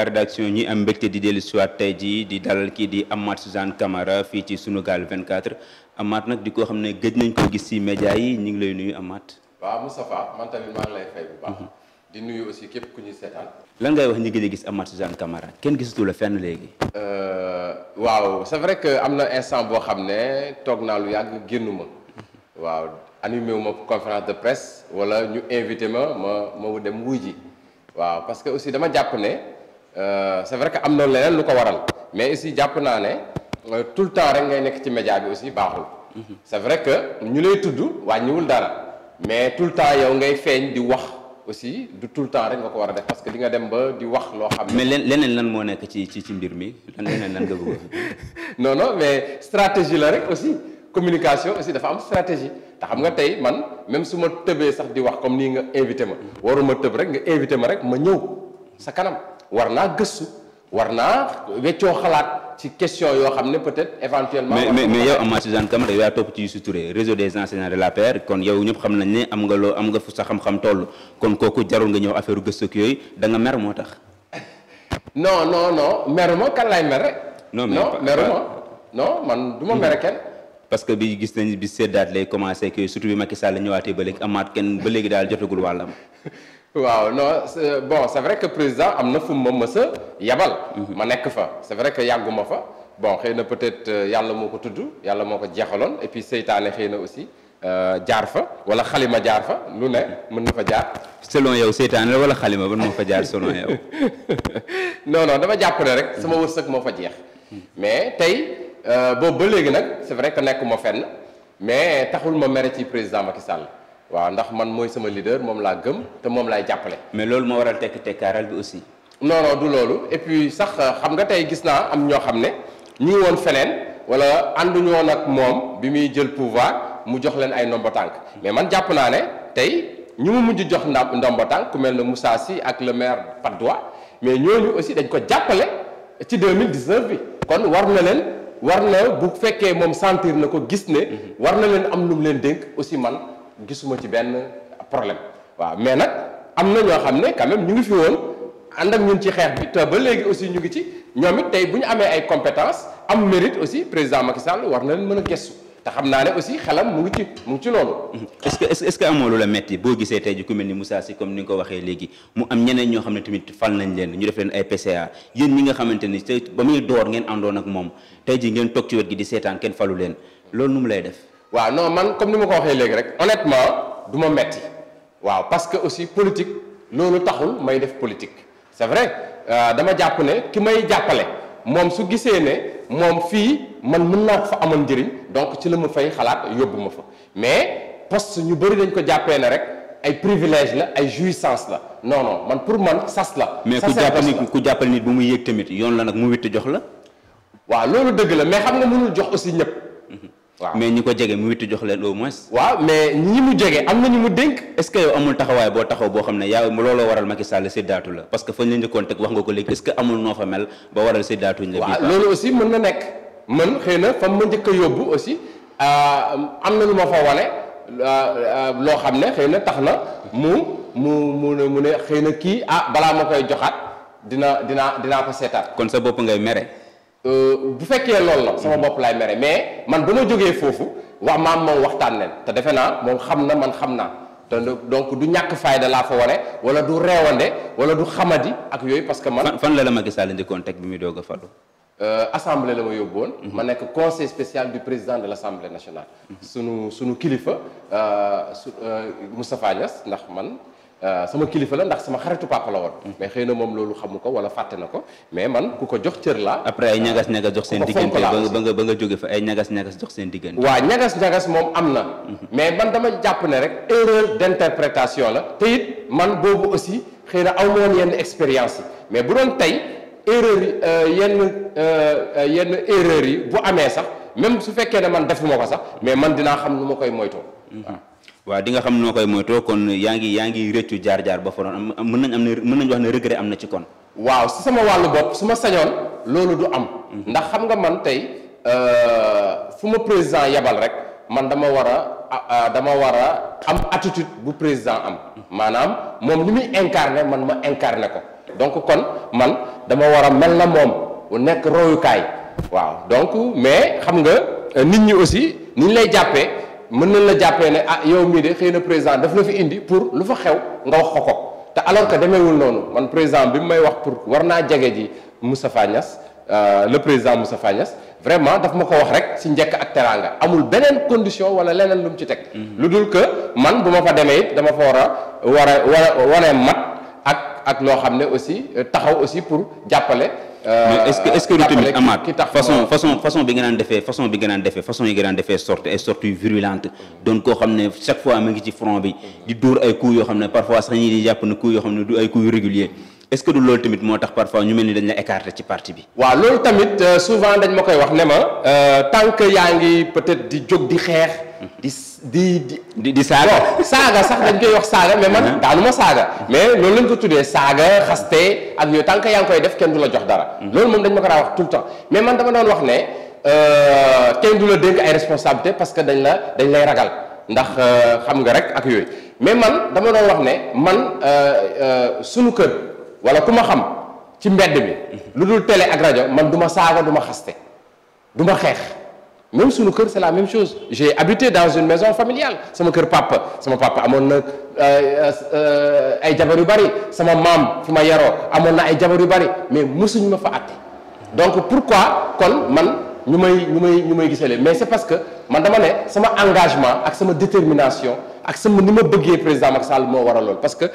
la rédaction ñi am mbégte di dellu siwaat tey jii di dalal kii di Amath Suzanne Camara fii ci Sunugal 24 Amath nag di ko xam ne gëj nañ ko gis ci média yi ñu ngi lay nuyu Amath. waaw Moustapha man tamit maa ngi lay fay bu baax. Mhm. di nuyu aussi képp ku ñuy seetaan. lan ngay wax ñi gëj a gis Amath Suzanne Camara kenn gisatu la fenn léegi. Euh, waaw c'est vrai que am na instant boo xam ne toog naa lu yàgg ma mhm. waaw animé wu ma conférence de presse wala ñu invité ma ma ma dem Euh, c'est vrai que am na leneen lu ko waral mais aussi jàpp naa ne euh, tout le temps rek ngay nekk ci média bi aussi baaxul. c'est vrai que ñu lay tudd wàññiwul dara mais tout le temps yow ngay feeñ di wax aussi du tout le temps rek nga ko war a def parce que di nga dem ba di wax loo xam ne. mais leneen lan moo nekk ci ci ci mbir mi lan leneen lan nga bëgg non non mais stratégie la rek aussi communication aussi dafa am stratégie te xam nga tey man même su ma tëbee sax di wax comme nii nga invité ma waruma tëb rek nga invité ma rek ma ñëw sa kanam. war naa gëstu war naa weccoo xalaat ci question yoo xam ne peut-être éventuellement. mais mais yow Amath Suzanne Camara yaa topp ci Youssou Touré réseau des enseignants de l'APR kon yow ñëpp xam nañ ne am nga loo am nga fu sa xam-xam toll kon kooku jarul nga ñëw affaire gëstu ak yooyu danga nga mer moo tax. no non non mer ma kan laay mer rek. non mer ma man du ma mer kenn. parce que bi gis nañ bi seddaat lay commencé que surtout bi Macky Sall ñëwaatee ba léegi amaat kenn ba léegi daal jotagul wàllam. waaw no c'est, bon c'est vrai que président am na fu ma mës yabal. Mhm. ma nekk fa c'est vrai que yàgguma fa bon xëy na peut-être euh, yàlla moo ko tudd yàlla moo ko jeexaloon et puis seytaane xëy na aussi euh, jaar fa wala xalima jaar fa lu ne mën na fa jaar. selon yow seytaane la wala xalima ban moo fa jaar selon yow. non dama jàpp ne rek sama wërsëg moo fa jeex. mais tey euh, boobu ba léegi nag c'est vrai que nekkuma fenn mais taxul ma mere ci président Macky Sall. waaw ndax man mooy sama leader moom laa gëm te moom laay jàppale. mais loolu moo waral tekk tekkaaral bi aussi. non non du loolu et puis sax euh, xam nga tey gis naa am ñoo xam ne ñu ngi woon feneen wala ànduñu woon ak moom bi muy jël pouvoir mu jox leen ay ndombo tànk mais man jàpp naa ne tey ñu mu mujj jox ndombo ndombo tànk ku mel ne Moussa Sy ak le maire Patte d'Oie mais ñooñu aussi dañ ko jàppale ci 2019 bi kon war na leen war na bu fekkee moom sentir na ko gis ne mhm. war na leen am lu mu leen dénk aussi man. gisuma ci benn problème waa mais nag am na ñoo xam ne quand ñu ngi fi woon ànd ak ñun ci xeex bi te ba léegi aussi ñu ngi ci ñoom it tey bu ñu amee ay compétence am mérite aussi président Macky Sall war na leen mën a gestu te xam naa ne aussi xelam mu ngi ci mu ngi loolu. est-ce que est-ce metti boo gisee tey ji ku mel ni Moussa comme ni nga ko waxee léegi mu am ñeneen ñoo xam ne tamit fal nañ leen ñu def leen ay PCA yéen ñi nga xamante ni tey ba muy door ngeen àndoon ak moom tey ji ngeen toog ci gi di seetaan kenn falu leen loolu lay def. waaw non man comme ni ma ko waxee léegi rek honnêtement du ma metti waaw parce que aussi politique loolu taxul may def politique c'est vrai euh, dama jàpp ne ki may jàppale moom su gisee ne moom fii man mën naa ko fa amal njëriñ donc ci la mu fay xalaat yóbbu ma fa mais poste ñu bëri dañ ko jàppee ne rek ay privilège la ay jouissance la non man pour man sas la. mais ku jàpp nit ku jàppale nit bu muy yéeg tamit yoon la nag mu witt jox la. waaw loolu dëgg la mais xam nga mënul jox aussi ñëpp. waaw mais ñi ko jege mu witti jox leen au moins. waaw mais ñi mu jege am na ñu mu dénk. est-ce que yow amul taxawaay boo taxaw boo xam ne yaa looloo waral Macky Sall séddaatu la parce que fañ la njëkkoon ko léegi est-ce que amul noo fa mel ba waral séddaatuñ la. waaw loolu aussi mën na nekk man xëy na fa ma njëkk a yóbbu aussi euh, am na lu ma fa wane euh, euh, loo xam ne xëy na tax na mu mu mu ne mu xëy na kii ah balaa ma koy joxaat dina dinaa dinaa ko seetaat. kon sa bopp ngay mere. Euh, bu fekkee loolu na sama bopp laay mere mais man ba ma jógee foofu wax maam moom waxtaan leen te defe naa moom xam na man xam naa te donc du ñàkk fayda laa fa wane wala du reewande wala du xamadi ak yooyu parce que man. fan la la Macky Sall njëkkoon teg bi muy doog a falu. Euh, assemblée la ma yóbboon. Mhm. ma nekk conseil spécial du président de l' assemblée nationale. Mhm. sunu sunu kilifa euh, su Moustapha ndax man. Euh, sama kilifa la ndax sama xaritu papa la woon. Mm. mais xëy na moom loolu xamu ko wala fàtte na ko mais man ku ko jox cër la après ay ñagas ñagas jox seen diggante ba nga ba nga jóge fa ay ñagas ñagas jox seen diggante. waa ñagas ñagas moom am na. Mm-hmm. mais man dama jàpp ne rek erreur d'interprétation la. teyit man boobu aussi xëy na aw ma yenn expérience yi mais bu doon tey erreur yi euh, yenn euh, yenn erreur yi bu amee sax même su fekkee ne man defuma ko sax mais man dinaa xam nu ma koy moytoo. Mm-hmm. waaw di nga xam noo koy moytoo kon yaa ngi yaa ngi rëccu jaar jaar ba fa doon am mën nañ am ne mën nañu wax ne regret am na ci kon. waaw si sama wàllu bopp su ma sañoon loolu du am. Mhm. ndax xam nga man tey euh, fu ma président yabal rek man dama war a dama war a am attitude bu président am. maanaam moom li muy incarné man ma incarné ko. donc kon man dama war a mel na moom nekk royukaay. waaw donc mais xam nga euh, nit ñi aussi ni ñu lay jàppee. mën nañ la jàppee ne ah yow mii de xëy na président daf la fi indi pour lu fa xew nga wax ko ko te alors que demeewul noonu man président bi mu may wax pour war naa jege ji Moustapha Niass euh, le président Moustapha Niass vraiment daf ma ko wax rek si njëkk ak teraanga amul beneen condition wala leneen lu mu ci teg. Mhm. lu dul que man bu ma fa demee it dama fa war a war a war a wane mat ak ak loo xam ne aussi euh, taxaw aussi pour jàppale. Euh, mais est-ce que est-ce que tamit amaat façon façon façon bi nga naan defee façon bi nga naan defee façon yi nga naan defee sorte ay sorte yu virulente doon koo xam ne chaque fois mu ngi ci front bi di dóor ay coups yoo xam ne parfois sax ñi di jàpp ne coups yoo xam ne du ay coups régulier est-ce que du loolu tamit moo tax parfois ñu mel ni dañ la écarté ci parti bi. waaw loolu tamit euh, souvent dañ ma koy wax ne ma euh, tant que yaa ngi peut-être di jóg di xeex. di di di di saaga. saaga sax dañ koy wax saaga mais man uh-huh. daanu ma saaga. Uh-huh. mais loolu lañ ko tuddee saaga xaste ak ñu tant yaa ngi koy def kenn du la jox dara. Uh-huh. loolu moom dañ ma ko daa wax tout le temps mais man dama doon wax ne euh, kenn du la dénk ay responsabilité parce que dañ la dañ lay ragal ndax xam nga rek ak yooyu mais man dama doon wax ne man sunu kër. wala ku ma xam ci mbedd bi lu dul tele ak rajo man du ma saaga du ma xaste du ma xeex même suñu kër c'est la même chose j'ai habité dans une maison familiale sama kër papa sama papa amoon na euh, euh, ay jabar yu bari sama maam fi ma yaroo amoon na ay jabar yu bari mais mësuñu ma fa àtte donc pourquoi kon man ñu may ñu may ñu may gisalee mais c'est parce que man dama ne sama engagement ak sama détermination ak sama ni ma bëggee président Macky Sall moo waral lool parce que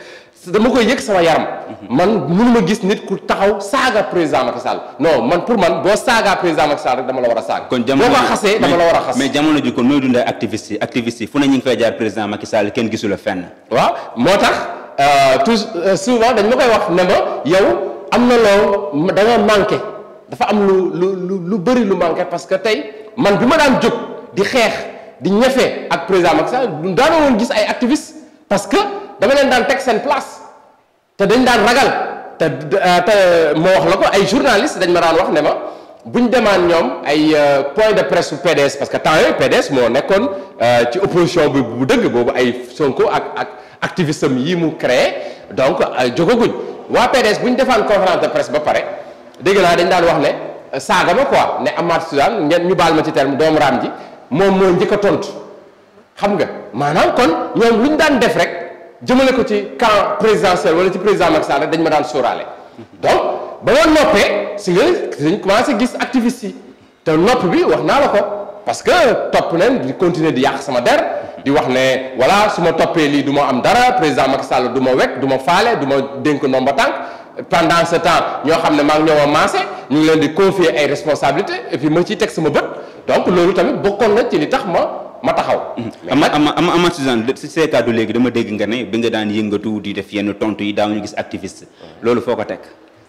dama koy yëg sama yaram. man ma gis nit ku taxaw saaga président Macky Sall non man pour man boo saaga président dama la war a saaga. kon jamono boo ko xasee dama a xas. mais jamono ji kon mooy dundee activiste yi activiste yi fu ne moo tax euh, tout euh, souvent dañ ma koy wax ne ma yow am na loo da nga dafa am lu lu lu bëri lu manqué parce que tey man bi ma daan jóg di xeex di ñafe ak président Macky Sall daanoo woon gis ay activistes parce que dama leen daan teg seen place te dañ daan ragal te te ma wax la ko ay journalistes dañ ma daan wax ne ma bu ñu demaan ñoom ay euh, point de presse su PDS parce que temps yooyu PDS moo nekkoon euh, ci opposition bi bu dëgg boobu ay Sonko ak ak activisme yi mu créé donc euh, jógaguñ waa PDS bu ñu defaan conférence de presse ba pare. dégg naa dañ daan wax ne euh, saaga ma quoi ne Amath Suzanne ngeen ñu baal ma ci terme doomu raam ji moom moo njëkk a tontu xam nga maanaam kon ñoom lu ñu daan def rek jëmale ko ci camp présidentiel wala ci président Macky Sall dañ ma daan sóoraale. donc ba ma noppee si nga dañ commencé gis activiste yi te nopp bi wax naa la ko parce que topp nañ di continuer di yàq sama der di wax ne voilà su ma toppee lii du ma am dara président Macky Sall du ma wekk du ma faale du ma dénk ndomba tànk pendant ce temps ñoo xam ne maa ngi ñoo a maase ñu ngi leen di confier ay responsabilités et puis ma ciy teg sama bët donc loolu tamit bokkoon na ci li tax ma ma taxaw. Mm-hmm. ama ama ama ama Suzanne si say kàddu léegi dama dégg nga ne bi nga daan yëngatu di def yenn tontu yi daaw ñu gis activiste loolu foo ko teg.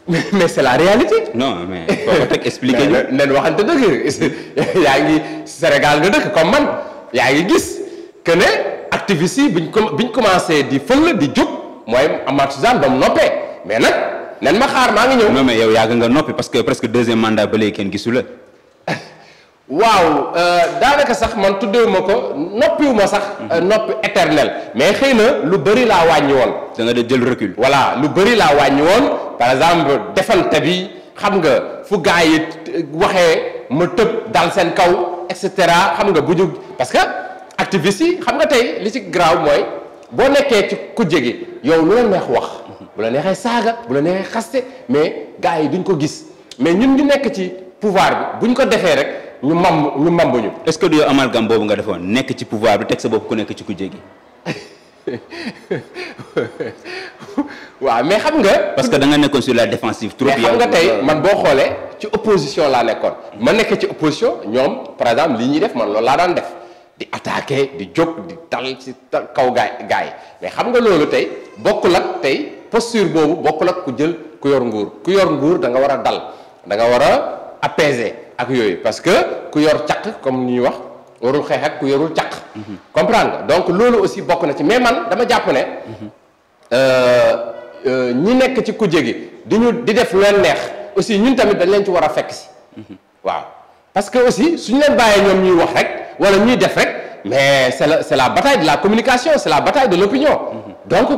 mais mais c'est la réalité. non mais foo ko teg expliqué ñu. nen waxante dëgg yaa ngi Sénégal nga dëkk comme man yaa ngi gis que ne activiste yi biñ ko biñ commencé di fël di jóg mooy Amath Suzanne ba mu noppee mais nag. nan ma xaar maa ngi ñëw. non mais yow yàgg nga noppi parce que presque deuxième mandat ba léegi kenn gisu la. waaw euh, daanaka sax man tuddewuma ko noppiwuma sax. Mhm. Euh, noppi éternel mais xëy na lu bëri laa wàññi woon. da nga de jël recul. voilà lu bëri laa wàññi woon par exemple defante bi xam nga fu gaa yi waxee ma tëb dal seen kaw et cetera xam nga bu ñu parce que activiste yi xam nga tey li ci graaw mooy boo nekkee ci ku jege yow lu la wax. bu la neexee saaga bu la neexee xaste mais gars yi duñ ko gis mais ñun ñu nekk ci pouvoir bi bu buñ ko defee rek ñu mamb ñu mamb ñu. est-ce que du yow amalgam boobu nga defoon nekk ci pouvoir bi teg sa bopp ku nekk ci ku jéggi. waaw mais xam nga. parce que da nga nekkoon sur la défensive. trop mais xam nga tey man boo xoolee ci opposition laa nekkoon. ma nekk ci opposition ñoom par exemple li ñuy def man loolu laa daan def di attaquer di jóg di dal ci kaw gaay gaay mais xam nga loolu tey bokkul ak tey. posture boobu bokk ak ku jël ku yor nguur ku yor nguur da war a dal da nga war a apaiser ak yooyu parce que ku yor caq comme ñuy wax warul xeex ak ku yorul caq. comprendre nga donc loolu aussi bokk na ci mais man dama jàpp ne. Euh, euh, ñi nekk ci kuje gi di ñu di def leen neex aussi ñun tamit dañ leen ci war a fekk si. waaw parce que aussi suñu leen bàyyee ñoom ñuy wax rek wala ñuy def rek mais c'est la c'est la bataille de la communication c'est la bataille de l'opinion. donc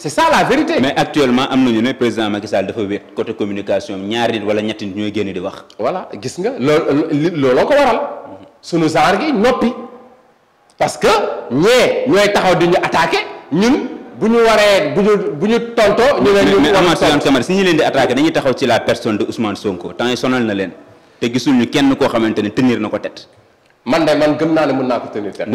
c'est ça la vérité. mais actuellement am nañu ne président Macky Sall dafa wéet côté communication ñaari nit wala ñetti nit ñooy génn di wax. voilà gis nga loolu looloo ko waral sunu genre gi noppi parce que ñee ñooy taxaw di ñu attaqué ñun bu ñu waree bu ñu ñu tontoo. ñu ne ñu mais Amath si ñu leen di attaqué dañuy taxaw ci la personne de Ousmane Sonko te yi sonal na leen te gisul ñu kenn koo xamante ne tenir na ko tête. man de man gëm naa ne mën naa ko tenir tête.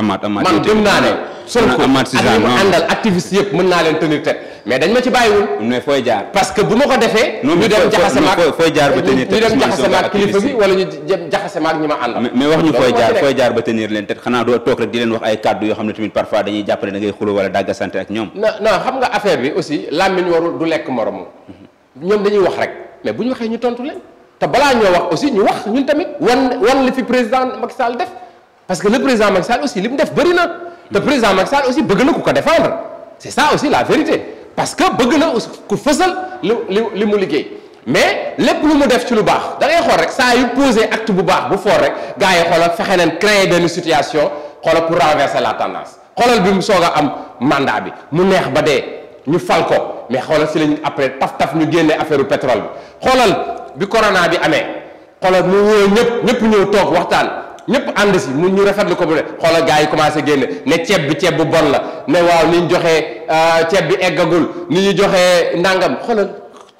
man gëm àndal activiste yëpp mën naa leen tenir tête mais dañ ma ci bàyyiwul. mais fooy jaar parce que bu ma ko defee. ñu dem jaxase maag kilifa bi wala ñu jaxase maag ñi ma àndal. mais wax ñu fooy jaar fooy jaar ba tenir leen tête xanaa toog rek di leen wax ay kàddu yoo xam ne tamit parfois dañuy jàpp ne da ngay xuloo ak ñoom. non non xam nga affaire bi aussi làmmiñ warul du lekk moromu mhm. ñoom dañuy te balaa ñoo wax aussi ñu wax ñun tamit wan wan li fi président Macky Sall def parce que le président Macky Sall aussi li mu def bëri na. te président Macky Sall aussi bëgg na ku ko défendre c'est ça aussi la vérité parce que bëgg na aussi ku fësal li li mu liggéey mais lépp lu mu def ci lu baax da ngay xool rek saa yu posé acte bu baax bu fool rek gars yi xoolal fexe nañ créer benn situation xoolal pour renverser la tendance xoolal bi mu soog am mandat bi mu neex ba dee ñu fal ko mais xoolal si lañ après taf taf ñu génnee affaire pétrole bi xoolal. bi corona bi amee xoolal mu woo ñëpp ñëpp ñëw toog waxtaan ñëpp ànd si mu ñu rafetlu ko bu ne xoolal gars yi commencé génne ne ceeb bi ceeb bu bon la ne waaw ni ñu joxee euh, ceeb bi eggagul ni ñu joxee ndàngam xoolal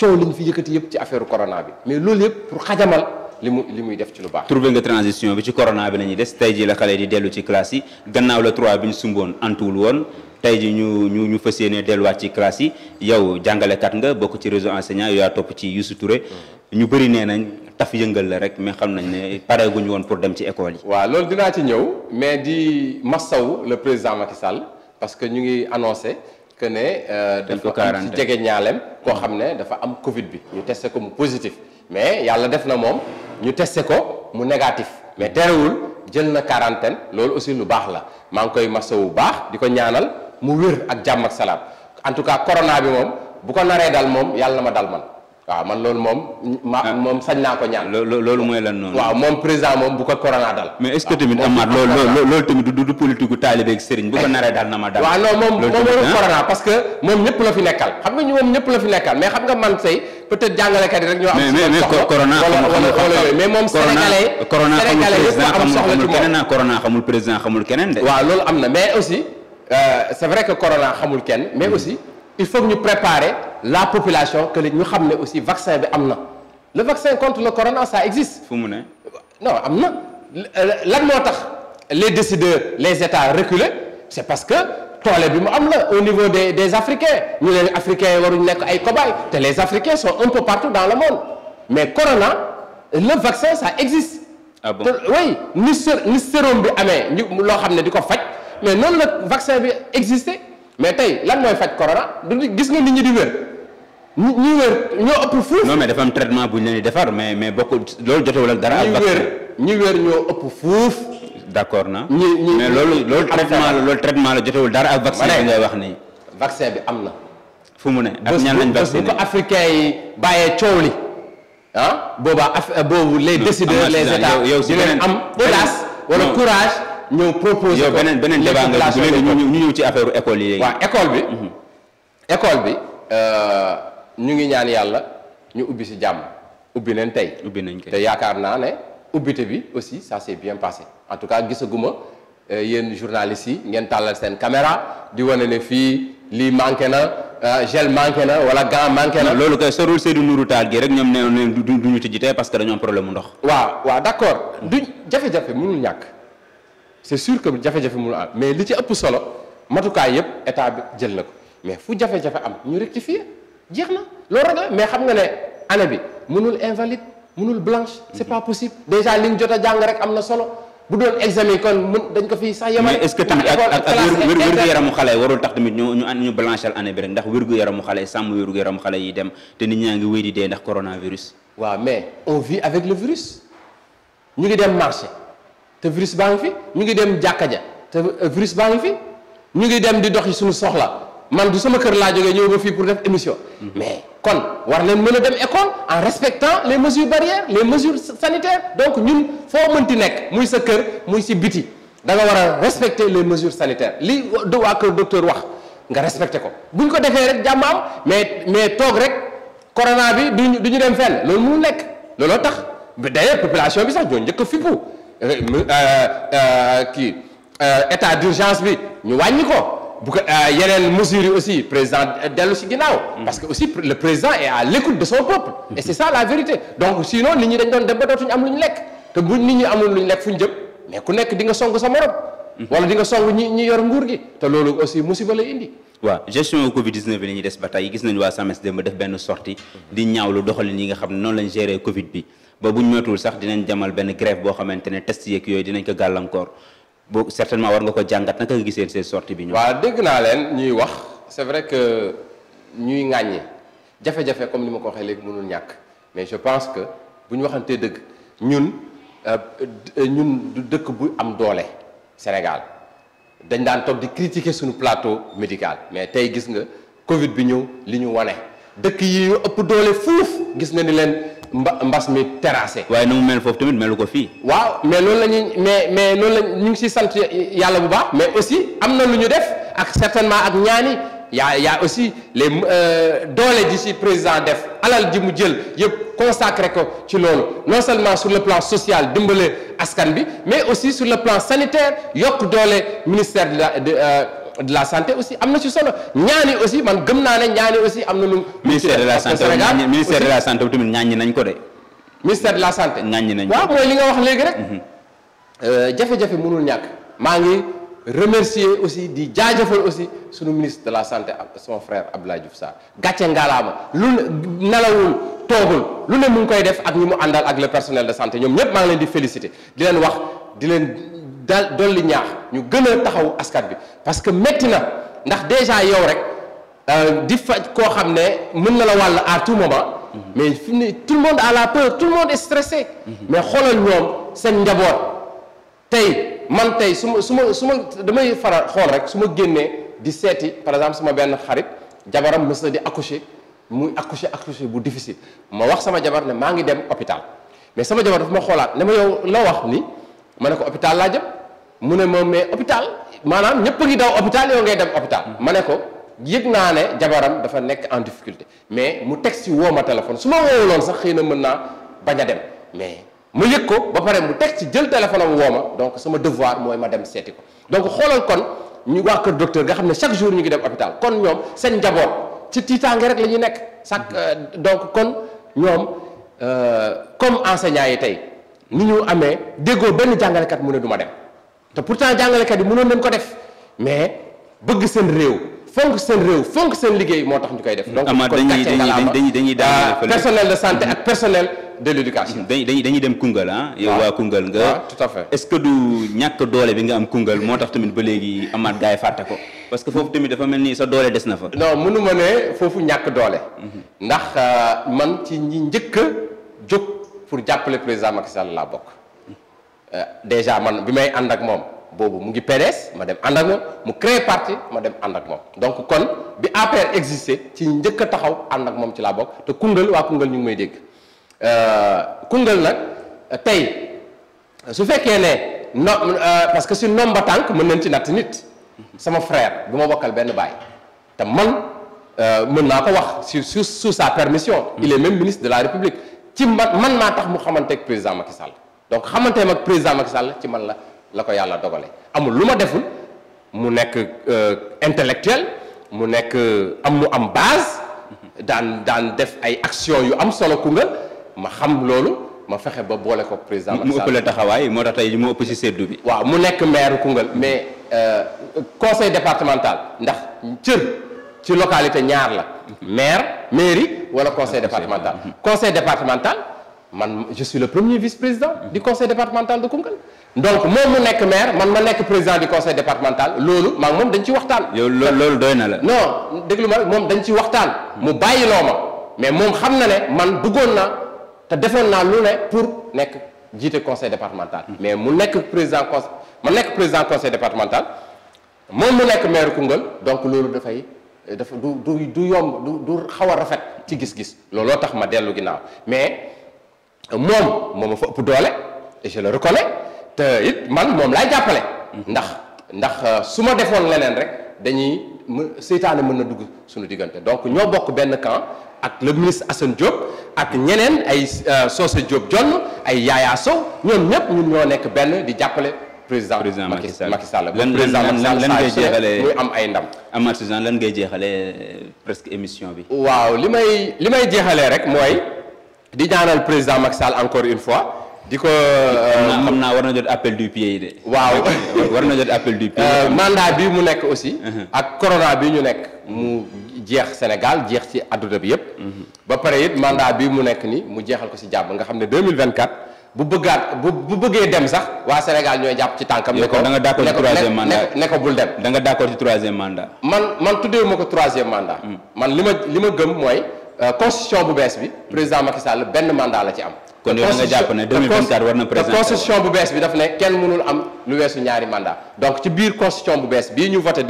coow li ñu fi yëkkati yëpp ci affaire corona bi mais loolu yëpp pour xajamal li mu li muy def ci lu baax. trouvé nga transition bi ci corona bi la ñuy des tey jii la xale di dellu ci classe yi gannaaw la 3 bi ñu sumboon antuwul woon. tey ji ñu ñu ñu fas yéene delluwaat ci classe yi yow jàngalekat nga bokk ci réseau enseignant yaa topp ci Youssou Touré mm. ñu bëri nee nañ taf yëngal la rek mais xam nañ ne pare guñu woon pour dem ci école yi. waa loolu dinaa ci ñëw mais di massaw le président Macky Sall parce que ñu ngi annoncé que ne. Euh, dafa am ci jege ñaaleem koo mm. xam ne dafa am Covid bi. ñu testé ko mu positif mais yàlla def na moom ñu testé ko mu négatif mais terewul jël na quarantaine loolu aussi lu baax la maa ngi koy massaw bu baax di ko ñaanal. mu wér ak jàmm ak salaam en corona bi moom bu ko naree dal moom yàlla ma dal man waaw man loolu moom. ma ah. moom sañ naa ko ñaan. loolu moom président moom bu ko corona dal. mais est-ce que tamit amaat du du politique gu ak sëriñ bu ko naree dal na ma dal. waaw non moom moom warul ah? corona parce que moom ñëpp la fi nekkal xam nga ñu moom ñëpp la fi nekkal mais xam nga man say peut-être jàngalekat yi rek ñoo am. mais mais corona mais moom sénégalais. xamul président xamul keneen corona xamul président xamul keneen de. waaw loolu am na Euh, c'est vrai que corona xamul kenn mais aussi il faut que ñu préparer la population que ñu xam ne aussi vaccin bi am na le vaccin contre le corona ça existe. fu mu ne. non am na euh, lan moo tax les décideurs les états reculés c'est parce que toole bi mu am la au niveau des des africains ñu leen africains waruñu nekk ay cobayes te les africains sont un peu partout dans le monde mais corona le vaccin ça existe. ah bon ni sé bi amee ñu loo xam ne di ko faj. mais noonu la vaccin bi existé mais tey lan mooy faj corona du gis nga ni ñi di wér ñu ñu wér ñoo ëpp fuuf. non mais dafa traitement bu ñu leen defar mais mais bokkul loolu jotewul ak dara. ak vaccin ñi wér ñoo ëpp fuuf. d'accord na ñi ñi mais loolu traitement la loolu traitement la jotewul ngay wax nii. vaccin bi am na. fu mu ne ak ñan lañ vacciné bés bu africain yi bàyyee coow li ah boobaa af boobu les décideurs les états. yow si beneen am audace wala courage. ñëw proposé ko beneen beneen débat nga ñu ñëw ci affaire école yi. waaw école bi. Mhm. école bi euh, ñu ngi ñaan yàlla ñu ubbi si jàmm ubbi leen tey. ubbi nañ ko te yaakaar naa ne ubbite bi aussi sa s'est bien passé en tout cas gisaguma euh, yéen journalistes yi ngeen tàllal seen camera di wane ne fii lii manqué na euh, gel manqué na wala gant manqué na. loolu kay sorul Seydou Nourou Tall gi rek ñoom nee nañ du ñu tijji tey parce que dañoo am problème mu ndox. waaw waaw d'accord mhm. du jafe-jafe mënul ñàkk. c'est sûr que jafe-jafe mënu am mais li ci ëpp solo matukaay yëpp état bi jël na ko mais fu jafe-jafe am ñu rectifier jeex na loolu rek mais xam nga ne année bi mënul invalide mënul blanche c'est pas possible déjà li ñu jot a jàng rek am na solo bu doon examen kon mën dañ ko fi sax yemal mais est-ce que tax ak ak wérgu yaramu xale yi warul tax tamit ñu ñu ñu blanchal année bi rek ndax wérgu yaramu xale yi sàmm wérgu yaramu xale yi dem te nit ñaa ngi wéy di dee ndax coronavirus. waaw mais on vit avec le virus ñu ngi dem marché. te virus baa ngi fi ñu ngi dem jàkka ja te euh, virus baa ngi fi ñu ngi dem di dox yi suñu soxla man du sama kër laa jógee ñëw ba fii pour def émission. Mm-hmm. mais kon war leen mën a dem école en respectant les mesures barrières les mesures sanitaires donc ñun foo mënti nekk muy sa kër muy si biti da nga war a respecter les mesures sanitaires li du waa kër docteur wax nga respecté ko buñ ko defee rek jàmm mais mais toog rek corona bi duñu du ñu dem fenn loolu mu nekk looloo tax d'ailleurs population bi sax ñoo njëkk a fippu Euh, euh, kii euh, état d'urgence bi ñu wàññi ko bu ko yeneen mesures yi aussi président dellu si ginnaaw. Mm-hmm. parce que aussi le président est à l'écoute de son peuple. et c'est ça la vérité donc sinon nit ñi dañ doon dem ba dootuñu am lu ñu lekk te bu nit ñu amul lu ñu lekk fu ñu jëm mais ku nekk di nga song sa morom. wala di nga song ñi ñi yor nguur gi te loolu aussi musiba lay indi waaw gestion covid 19 bi la ñuy des ba tey gis nañu waa dem démb def benn sortie di ñaawlu doxalin yi nga xam ne noonu lañ géree covid bi ba buñ moytuwul sax dinañ demal benn grève boo xamante ne test yeeg yooyu dinañ ko gàllankoor boo certainement war nga ko jàngat naka nga gisee seen sortie bi ñoom waaw dégg naa leen ñuy wax c'est vrai que ñuy ŋàññi jafe-jafe comme ni ma ko waxee léegi mënul ñàkk mais je pense que bu ñu waxantee dëgg ñun euh, euh, ñun dëkk bu am doole Sénégal dañ daan toog di critiquer suñu plateau médical mais tey gis nga Covid bi ñëw li ñu wane dëkk yi ñu ëpp doole fuuf gis nga ni leen mba mbas mi terrassé. waaye na mu mel foofu tamit melu ko fii. waaw mais loolu la mais mais loolu la ñu ngi siy sant yàlla bu baax. mais aussi am na lu ñu def ak certainement ak ñaani yaa yaa aussi les euh, doole ji si président def alal ji mu jël yëpp consacré ko ci loolu non seulement sur le plan social dimbale. askan bi mais aussi sur le plan sanitaire yokk doole ministère de la de euh, santé aussi am na ci solo ñaani aussi man gëm naa ne ñaani aussi am na lu. ministère de la santé ministère de la santé tamit ñaañi nañ ko de. ministère de la santé ñaañi nañ ko waaw mooy li nga wax léegi rek. Mhm. Euh, jafe-jafe mënul ñàkk maa ngi. remercier aussi di jaajëfal aussi sunu ministre de la santé ak son frère Abdoulaye Diouf Sarr gàcce ngaalaama lu ne nelawul toogul lu ne mu ngi koy def ak ñi mu àndal ak le personnel de santé ñoom ñëpp maa ngi leen di féliciter di leen wax di leen dal dolli ñaax ñu gën a taxaw askan bi parce que métti na ndax déjà yow rek euh, di faj koo xam ne mën na la wàll à tout moment. mais fi ne tout le monde a la peur tout le monde est stressé. Mm-hmm. mais xoolal ñoom seen njaboot tey. man tey su ma su ma su ma damay faral xool rek su ma génnee di seeti par exemple sama benn xarit jabaram mës na di accoucher muy accoucher accoucher bu difficile ma wax sama jabar ne maa ngi dem hôpital mais sama jabar dafa ma xoolaat ne ma yow la wax ni ma ne ko hôpital laa jëm mu ne moom mais hôpital maanaam ñëpp a ngi daw hôpital yow ngay dem hôpital ma ne ko yëg naa ne jabaram dafa nekk en difficulté mais mu teg si woo ma téléphone su ma woowuloon sax xëy na mën naa bañ a dem mais ma yëg ko ba pare mu teg ci jël téléphone am woo ma donc sama devoir mooy ma dem seeti ko donc xoolal kon ñu waa kër nga xam ne chaque jour ñu ngi dem hôpital kon ñoom seen njaboot ci tiitaange rek euh, donc kon ñoom euh, comme enseignants yi tey ni ñu amee déggoo benn jàngalekat mu ne duma dem te pourtant jàngalekat yi mënoon nañ ko def mais bëgg seen réew fonk seen réew fonk seen liggéey moo tax ñu koy def. donc kon dañuy dañuy dañuy personnel de santé ak personnel. de l'éducation dañuy dañuy dem Koungheul ah. yow waa Koungheul nga. tout à fait est-ce que du ñàkk doole bi nga am Koungheul moo tax tamit ba léegi amaat gars fàtte ko parce que foofu tamit dafa mel ni sa doole des na fa. non mënu ma ne foofu ñàkk doole. Mhm. ndax euh, man ci ñi njëkk a jóg pour jàppale président Macky Sall laa bokk. Euh, déjà man bi may ànd ak moom boobu mu ngi PDS ma dem ànd mu créé parti ma dem ànd ak moom donc kon bi APR existé ci njëkk a taxaw ànd ak moom ci laa bokk te Koungheul waa Koungheul ñu ngi may dégg. Euh, Koungheul nag euh, tey su fekkee ne no euh, parce que si nomba tànk mën nañ ci natt nit sama frère bu ma bokkal benn baay te man mën naa ko wax si su sous sa permission il est même ministre de la république ci man man maa tax mu xamante ak président Macky Sall donc xamanteem ak président Macky Sall ci man la la ko yàlla dogale amul lu ma deful mu nekk intellectuel mu nekk am mu am base daan daan def ay action yu am solo Koungheul ma xam loolu ma fexe ba boole ko président Macky Sall mu ëppale taxawaay moo tax tey mu ëpp si seddu bi. waaw mu nekk maire Koungheul mais euh, conseil départemental ndax cër ci localité ñaar la. maire mairie wala conseil départemental. conseil départemental le premier vice-président. du conseil départemental de Koungheul. donc moom mu nekk maire man ma nekk président du conseil départemental loolu maa ngi moom dañ ci waxtaan. yow loolu doy na la. non déglu ma moom dañ ci waxtaan. mu bàyyiloo ma mais moom xam na ne man bëggoon na te defoon naa lu ne pour nekk jiite conseil départemental. mais mu nekk président conseil ma nekk président conseil départemental moom mu nekk maire Koungheul donc loolu dafay dafa du du du yomb du du xaw a rafet ci gis-gis looloo tax ma dellu ginnaaw mais moom moom ma fa ëpp doole et je le te it man moom laay jàppale. ndax ndax euh, su ma defoon leneen rek dañuy mu seytaane mën na dugg suñu diggante donc ñoo bokk benn camp ak le ministre Assane Diop. ak ñeneen ay euh, Socé Diop Dione ay Yaya Sow ñoom ñëpp ñun ñoo nekk benn di jàppale président Macky Sall Macky Sall lan lan lan ngay jeexalee muy am ay ndam. Amath Suzanne lan ngay jeexalee euh, presque émission bi. waaw li may li may jeexalee rek mooy di ñaanal président Macky Sall encore une fois. di ko xam euh, naa war na jot appel du pied yi de. waaw war na jot appel du pied. mandat bi mu nekk aussi. Uh-huh. ak corona bi ñu nekk mu. jeex Sénégal jeex ci adduna bi yëpp. Mhm. ba pare it mandat bi mu nekk nii mu jeexal ko ci jàmm nga xam ne 2024 bu bëggaat bu bu bëggee dem sax waa Sénégal ñooy jàpp ci tànkam. ne ko da nga d'accord ci troisième mandat ne ko bul dem. da nga d'accord ci man man tuddee ma ko troisième mandat. Mhm. man li ma li ma gëm mooy euh, constitution bu bees bi président Macky Sall benn mandat la ci am. kon yow nga jàpp ne 2024 war na présenter constitution bu bees bi daf ne kenn mënul am lu weesu ñaari mandat donc ci biir constitution bu bees bii ñu voté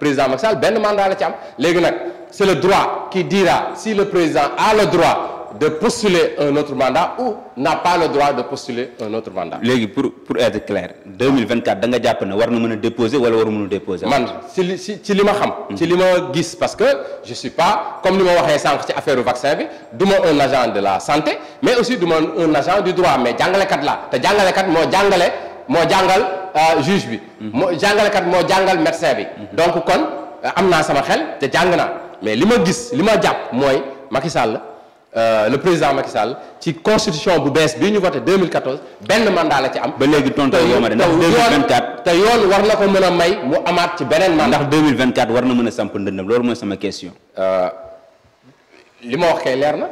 président Macky Sall benn mandat la ci am léegi nag c'est le droit qui dira si le président à le droit de postuler un autre mandat ou n'a pas le droit de postuler un autre mandat. léegi pour pour être clair 2024 da nga jàpp ne war na mën a déposer wala waru mën a déposer. man ci li ci ci li ma xam. ci li ma gis parce que je suis pas comme ni ma waxee sànq ci affaire vaccin bi du ma un agent de la santé mais aussi du ma un agent du droit mais jàngalekat la te jàngalekat moo jàngale moo jàngal euh, juge bi. moo jàngalekat moo jàngal médecin bi. donc kon am naa sama xel te jàng naa mais li ma gis li ma jàpp mooy Macky Sall Euh, le président Macky Sall ci constitution bu bees bii ñu voté 2014 benn mandat la ci am. ba léegi tonton yow ma de ndax 2024 te yoon war na ko mën a may mu amaat ci beneen mandat. ndax 2024 war na mën a samp ndëndam loolu mooy sama question. Euh, li ma wax kay leer na.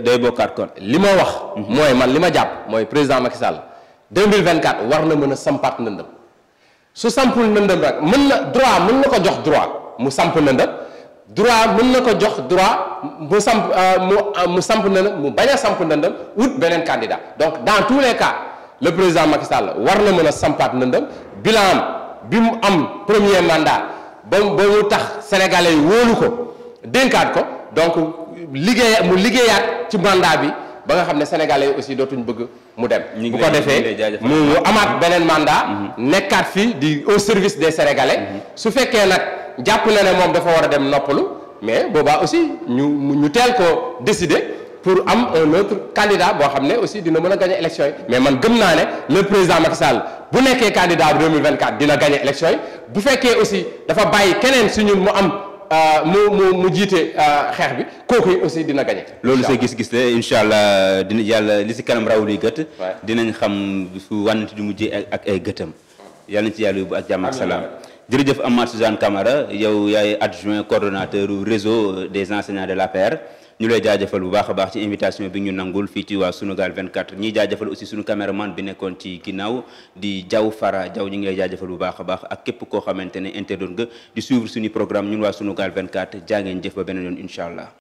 day bokkaat kon. li ma wax. Mhm. mooy man li ma jàpp mooy président Macky Sall 2024 war na mën a sampaat ndëndam su sampul ndëndam rek mën na droit mën na ko jox droit mu samp ndëndam. droit mën na ko jox droit mu samp euh, mu euh, mu samp ndëndam mu bañ a samp ndëndam wut beneen candidat donc dans tous les cas le président Macky Sall war na mën a sampaat ndëndam bilan am bi mu am premier mandat ba mu tax sénégalais yi wóolu ko dénkaat ko donc liggéey mu liggéeyaat ci mandat bi ba nga xam ne sénégalais yi aussi dootuñ bëgg mu dem. bu ko defee mu amaat beneen mandat. Mhm. nekkaat fii di au service des sénégalais. Mhm. su fekkee nag. jàpp na ne moom dafa war a dem nopp lu mais boobaa aussi ñu mu ñu teel ko décidé pour am un autre boo xam ne aussi dina mën a gañe élection yi mais man gëm naa ne le président Macky Sall bu nekkee candidat bu 2024 dina gagné élection yi bu fekkee aussi dafa bàyyi keneen si ñun mu am euh, mu mu mu jiite euh, xeex bi kooku aussi dina gagné. loolu sa gis-gis la incha allah dina yàlla li si kanam raw luy gët. dinañ xam su wànnati di mujjee ak ay gëtam. ci yàlla yóbbu ak jàmm jërëjëf Amath Suzanne Camara yow yaay adjoint coordonnateur réseau euh, des enseignants de l'APR ñu lay jaajëfal bu baax a baax ci invitation bi ñu nangul fii ci waa Sunugal 24 ñiy jaajëfal aussi sunu caméraman bi nekkoon ci ginnaaw di Diaw Fara Diaw ñi ngi lay jaajëfal baax a baax ak képp koo xamante ne internaute nga di suivre suñu programme ñun waa Sunugal 24 jaa ngeen jëf ba beneen yoon incha allah.